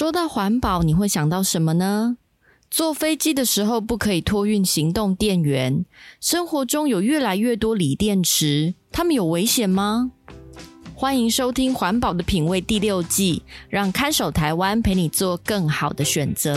說到環保，你會想到什麼呢？坐飛機的時候不可以托運行動電源。生活中有越來越多鋰電池，它們有危險嗎？歡迎收聽《環保的品味》第六季，讓看守台灣陪你做更好的選擇。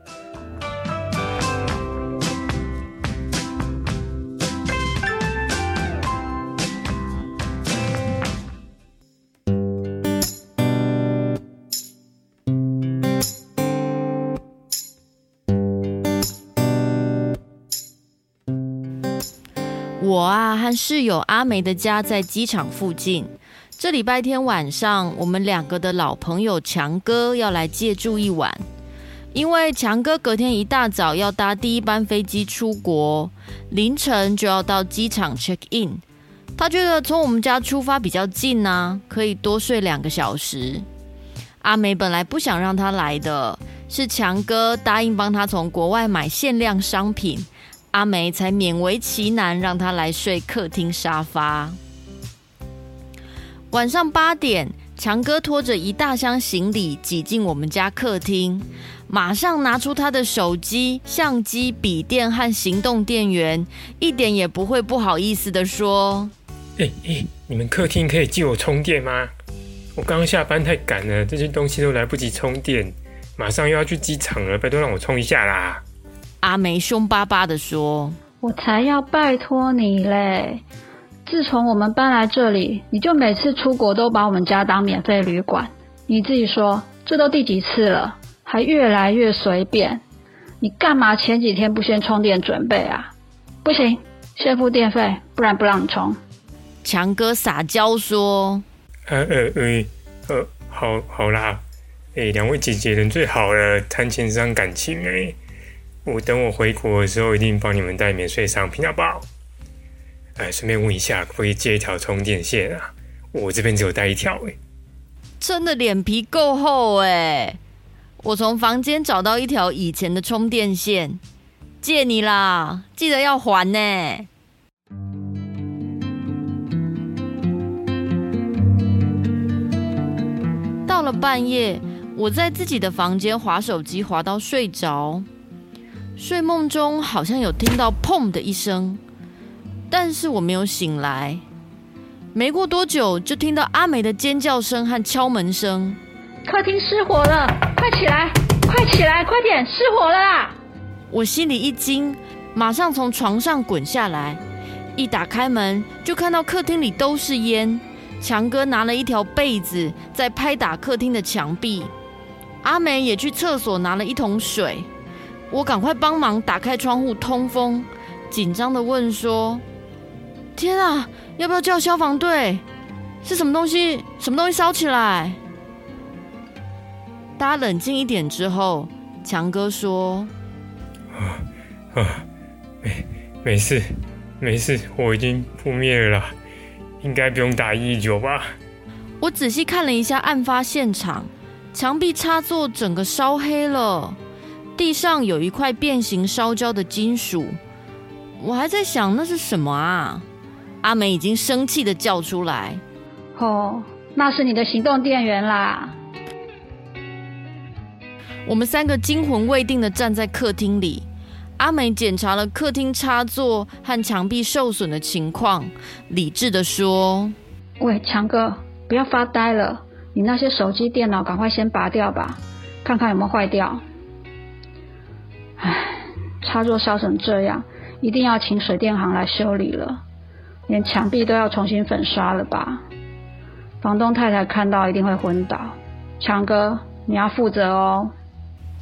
我啊，和室友阿梅的家在機場附近。這禮拜天晚上，我們兩個的老朋友強哥要來借住一晚，因為強哥隔天一大早要搭第一班飛機出國，凌晨就要到機場 check in。他覺得從我們家出發比較近呢、啊，可以多睡兩個小時。阿梅本來不想讓他來的，是強哥答應幫他從國外買限量商品。阿梅才勉為其難讓他來睡客廳沙發。晚上八點，強哥拖着一大箱行李擠進我們家客廳，馬上拿出他的手機、相機、筆電和行動電源，一點也不會不好意思地說：“哎、欸欸、你們客廳可以借我充電嗎？我剛剛下班太趕了，這些東西都來不及充電，馬上又要去機場了，拜托讓我充一下啦！”阿梅凶巴巴的說：“我才要拜托你嘞！自從我們搬來這裡，你就每次出國都把我們家當免費旅館。你自己說，這都第幾次了？還越來越隨便！你幹嘛前幾天不先充電準備啊？不行，先付電費，不然不讓你充。”強哥撒嬌說：“哎哎哎，好，好啦，欸，兩位姐姐人最好了，談錢傷感情哎，欸。”我等我回國的時候，一定幫你們帶免稅商品，好不好？哎，順便問一下，可以借一條充電線啊？我這邊只有帶一條欸。真的臉皮夠厚欸！我從房間找到一條以前的充電線，借你啦，記得要還呢。到了半夜，我在自己的房間滑手機，滑到睡著。睡夢中好像有聽到“砰”的一聲，但是我沒有醒來。沒過多久，就聽到阿梅的尖叫聲和敲門聲：“客廳失火了！快起來！快起來！快點！失火了啦！”我心裡一驚，馬上從床上滾下來。一打開門，就看到客廳裡都是煙。強哥拿了一條被子在拍打客廳的牆壁，阿梅也去廁所拿了一桶水。我趕快幫忙打開窗戶通風，緊張地問說：“天啊，要不要叫消防隊？是什麼東西？什麼東西燒起來？”大家冷靜一點之後，強哥說：“啊，啊沒，沒事，沒事，火已經撲滅了，應該不用打119吧？”我仔細看了一下案發現場，牆壁插座整個燒黑了。地上有一塊變形燒焦的金屬，我還在想那是什麼啊？阿美已經生氣的叫出來：“哦，那是你的行動電源啦！”我們三個驚魂未定的站在客廳裡。阿美檢查了客廳插座和牆壁受損的情況，理智的說：“喂，強哥，不要發呆了，你那些手機、電腦趕快先拔掉吧，看看有沒有壞掉。”唉，插座燒成這樣，一定要請水電行來修理了，連牆壁都要重新粉刷了吧？房東太太看到一定會昏倒。強哥，你要負責哦。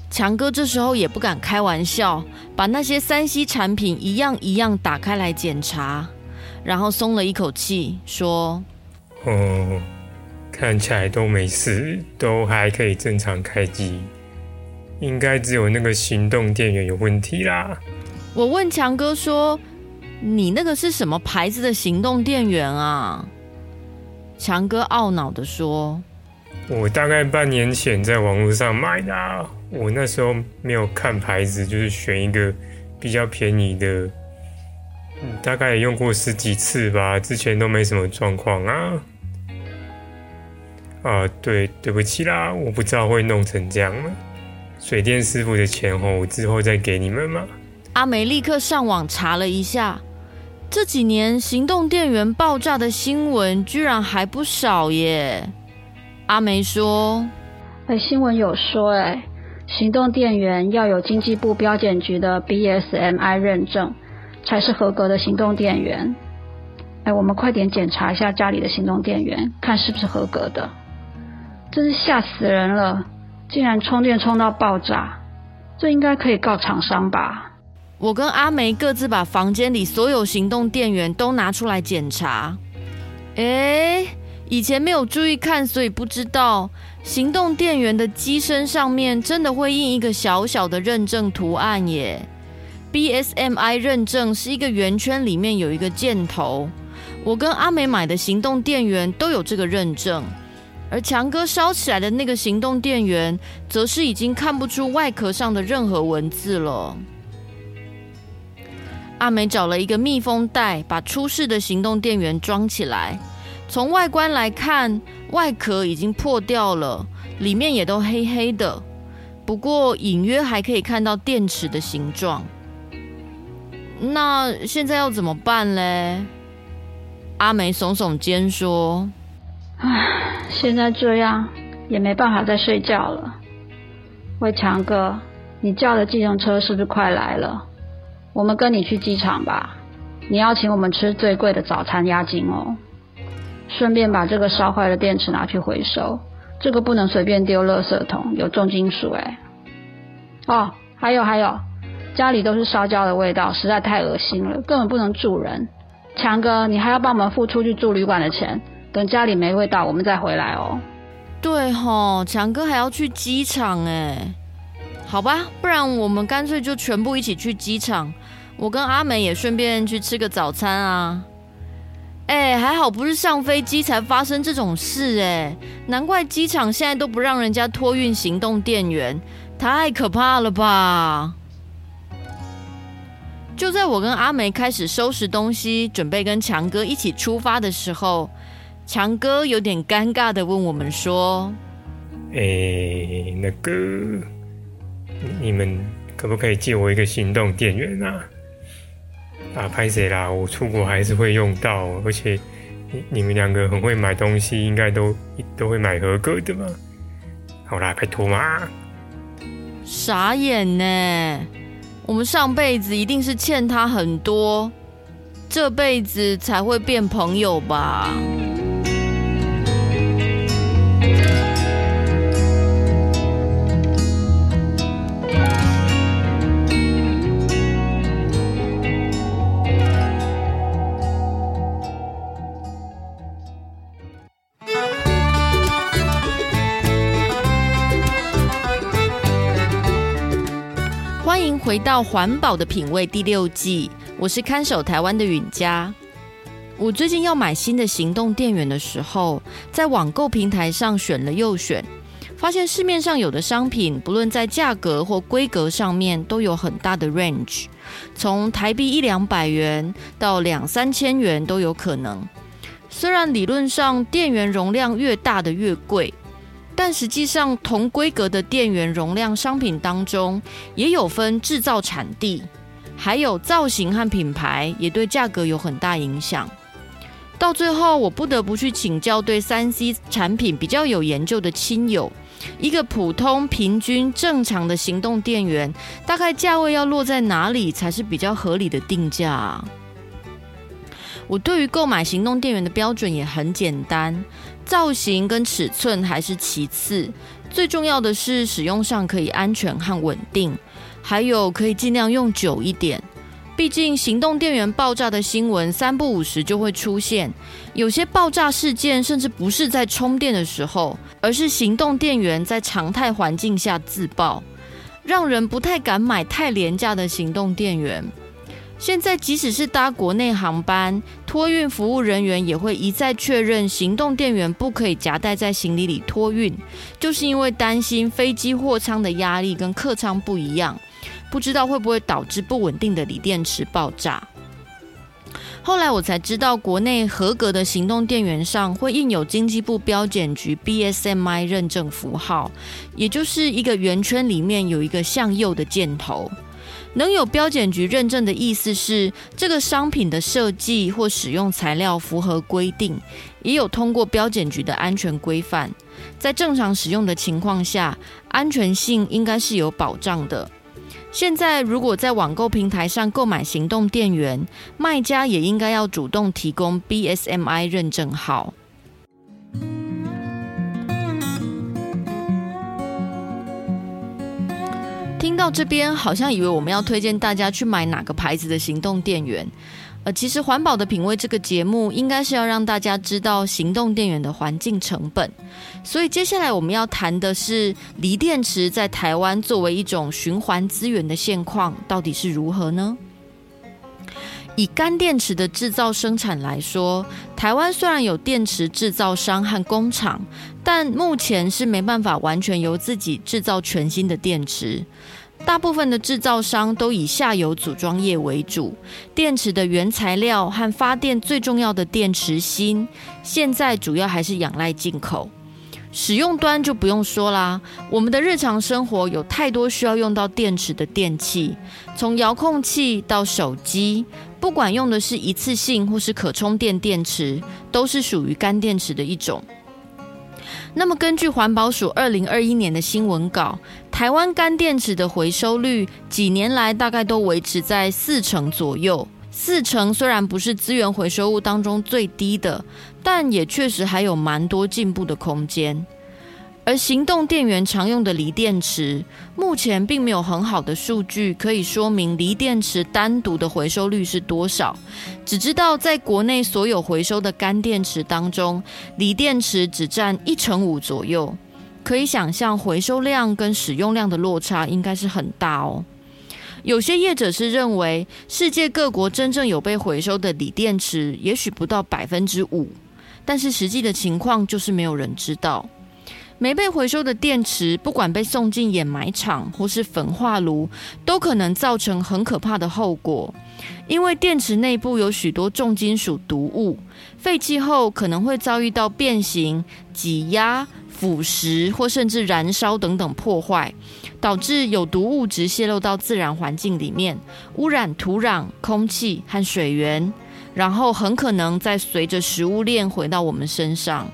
強哥這時候也不敢開玩笑，把那些三 C 產品一樣一樣打開來檢查，然後鬆了一口氣，說：“哦，看起來都沒事，都還可以正常開機。”應該只有那個行動電源有問題啦。我問強哥說：“你那個是什麼牌子的行動電源啊？”強哥懊惱的說：“我大概半年前在網絡上買的，我那時候沒有看牌子，就是選一個比較便宜的。嗯，大概也用過十幾次吧，之前都沒什麼狀況啊。啊，對，對不起啦，我不知道會弄成這樣。”水電師傅的錢哦，我之後再給你們嗎？阿梅立刻上網查了一下，這幾年行動電源爆炸的新聞居然還不少耶。阿梅說：“哎，新聞有說，哎，行動電源要有經濟部標檢局的 BSMI 認證，才是合格的行動電源。哎，我們快點檢查一下家裡的行動電源，看是不是合格的。真是嚇死人了。”竟然充電充到爆炸，這應該可以告廠商吧？我跟阿梅各自把房間裡所有行動電源都拿出來檢查。誒，以前沒有注意看，所以不知道行動電源的機身上面真的會印一個小小的認證圖案耶。BSMI 認證是一個圓圈裡面有一個箭頭。我跟阿梅買的行動電源都有這個認證。而強哥燒起來的那個行動電源，則是已經看不出外殼上的任何文字了。阿梅找了一個密封袋，把出事的行動電源裝起來。從外觀來看，外殼已經破掉了，裡面也都黑黑的，不過隱約還可以看到電池的形狀。那現在要怎麼辦嘞？阿梅聳聳肩說。唉，現在這樣也沒辦法再睡覺了。喂，強哥，你叫的計程車是不是快來了？我們跟你去機場吧。你要請我們吃最貴的早餐押金哦。順便把這個燒壞的電池拿去回收，這個不能隨便丟垃圾桶，有重金屬哎。哦，還有還有，家裡都是燒焦的味道，實在太惡心了，根本不能住人。強哥，你還要幫我們付出去住旅館的錢。等家裡沒味道，我們再回來哦。對吼、哦，強哥還要去機場哎，好吧，不然我們乾脆就全部一起去機場。我跟阿梅也順便去吃個早餐啊。哎、欸，還好不是上飛機才發生這種事哎，難怪機場現在都不讓人家托運行動電源，太可怕了吧。就在我跟阿梅開始收拾東西，準備跟強哥一起出發的時候。強哥有點尷尬的問我們說：“誒、欸，那個，你們可不可以借我一個行動電源啊？啊，拍謝啦。我出國還是會用到，而且你們兩個很會買東西，應該都都會買合格的嘛。好啦，拜託嘛。”傻眼呢，我們上輩子一定是欠他很多，這輩子才會變朋友吧。回到環保的品味第六季，我是看守台灣的允嘉。我最近要買新的行動電源的時候，在網購平台上選了又選，發現市面上有的商品，不論在價格或規格上面，都有很大的 range，從台幣一兩百元到兩三千元都有可能。雖然理論上，電源容量越大的越貴。但實際上，同規格的電源容量商品當中，也有分製造產地，還有造型和品牌，也對價格有很大影響。到最後，我不得不去請教對三 C 產品比較有研究的親友，一個普通、平均、正常的行動電源，大概價位要落在哪裡才是比較合理的定價？我對於購買行動電源的標準也很簡單，造型跟尺寸還是其次，最重要的是使用上可以安全和穩定，還有可以盡量用久一點。畢竟行動電源爆炸的新聞三不五時就會出現，有些爆炸事件甚至不是在充電的時候，而是行動電源在常態環境下自爆，讓人不太敢買太廉價的行動電源。現在，即使是搭國內航班，託運服務人員也會一再確認，行動電源不可以夾帶在行李裡託運，就是因為擔心飛機貨艙的壓力跟客艙不一樣，不知道會不會導致不穩定的鋰電池爆炸。後來我才知道，國內合格的行動電源上會印有經濟部標檢局 BSMI 認證符號，也就是一個圓圈裡面有一個向右的箭頭。能有標檢局認證的意思是，這個商品的設計或使用材料符合規定，也有通過標檢局的安全規範。在正常使用的情況下，安全性應該是有保障的。現在，如果在網購平台上購買行動電源，賣家也應該要主動提供 BSMI 認證號。聽到這邊，好像以為我們要推薦大家去買哪個牌子的行動電源，呃，其實環保的品味這個節目，應該是要讓大家知道行動電源的環境成本。所以接下來我們要談的是，鋰電池在台灣作為一種循環資源的現況，到底是如何呢？以乾電池的製造生產來說，台灣雖然有電池製造商和工廠，但目前是沒辦法完全由自己製造全新的電池。大部分的製造商都以下游組裝業為主，電池的原材料和發電最重要的電池芯，現在主要還是仰賴進口。使用端就不用說啦，我們的日常生活有太多需要用到電池的電器，從遙控器到手機。不管用的是一次性或是可充電電池，都是屬於乾電池的一種。那麼，根據環保署二零二一年的新聞稿，台灣乾電池的回收率幾年來大概都維持在四成左右。四成雖然不是資源回收物當中最低的，但也確實還有蠻多進步的空間。而行動電源常用的鋰電池，目前並沒有很好的數據可以說明鋰電池單獨的回收率是多少。只知道在國內所有回收的乾電池當中，鋰電池只佔一成五左右。可以想象，回收量跟使用量的落差應該是很大哦。有些業者是認為，世界各國真正有被回收的鋰電池，也許不到百分之五。但是實際的情況就是沒有人知道。沒被回收的電池，不管被送進掩埋場或是焚化爐，都可能造成很可怕的後果。因為電池內部有許多重金屬毒物，廢棄後可能會遭遇到變形、擠壓、腐蝕或甚至燃燒等等破壞，導致有毒物質泄漏到自然環境裡面，污染土壤、空氣和水源，然後很可能再隨着食物鏈回到我們身上。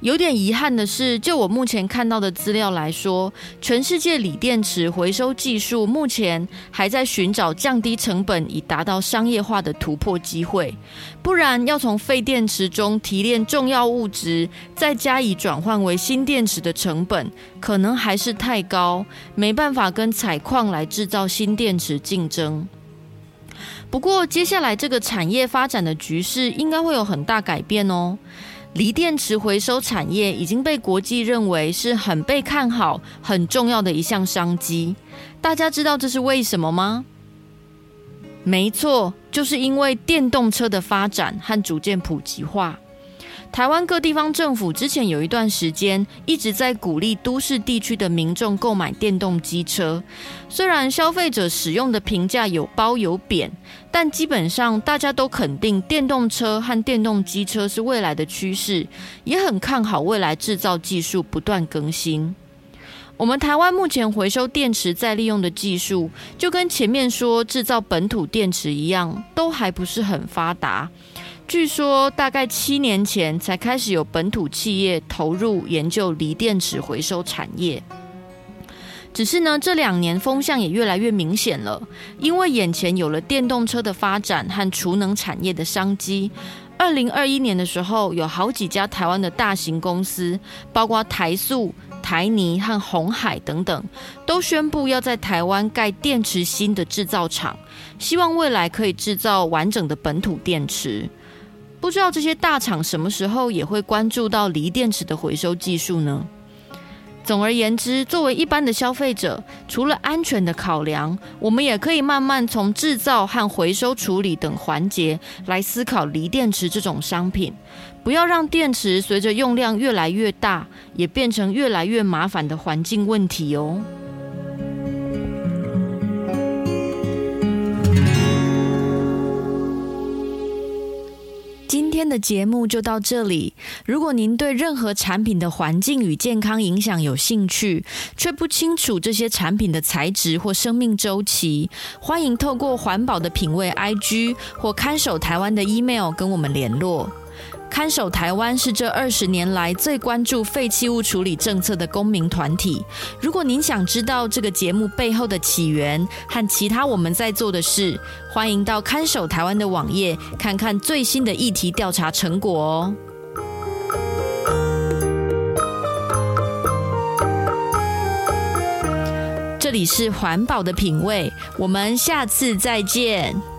有點遺憾的是，就我目前看到的資料來說，全世界鋰電池回收技術目前還在尋找降低成本以達到商業化的突破機會。不然，要從廢電池中提煉重要物質，再加以轉換為新電池的成本，可能還是太高，沒辦法跟採礦來制造新電池競爭。不過，接下來這個產業發展的局勢應該會有很大改變哦。鋰電池回收產業已經被國際認為是很被看好、很重要的一項商機。大家知道這是為什麼嗎？沒錯，就是因為電動車的發展和逐漸普及化。台灣各地方政府之前有一段時間一直在鼓勵都市地區的民眾購買電動機車，雖然消費者使用的評價有褒有貶，但基本上大家都肯定電動車和電動機車是未來的趨勢，也很看好未來製造技術不斷更新。我們台灣目前回收電池再利用的技術，就跟前面說製造本土電池一樣，都還不是很發達。據說大概七年前才開始有本土企業投入研究鋰電池回收產業。只是呢，這兩年風向也越來越明顯了，因為眼前有了電動車的發展和儲能產業的商機。二零二一年的時候，有好幾家台灣的大型公司，包括台塑、台泥和鴻海等等，都宣布要在台灣蓋電池芯的制造廠，希望未來可以製造完整的本土電池。不知道這些大廠什麼時候也會關注到鋰電池的回收技術呢？總而言之，作為一般的消費者，除了安全的考量，我們也可以慢慢從製造和回收處理等環節來思考鋰電池這種商品，不要讓電池隨着用量越來越大，也變成越來越麻煩的環境問題哦。的節目就到這裡。如果您對任何產品的環境與健康影響有興趣，卻不清楚這些產品的材質或生命週期，歡迎透過環保的品味 IG 或看守台灣的 email 跟我們聯絡。看守台灣是這二十年來最關注廢棄物處理政策的公民團體。如果您想知道這個節目背後的起源和其他我們在做的事，歡迎到看守台灣的網頁看看最新的議題調查成果哦。這裡是環保的品味，我們下次再見。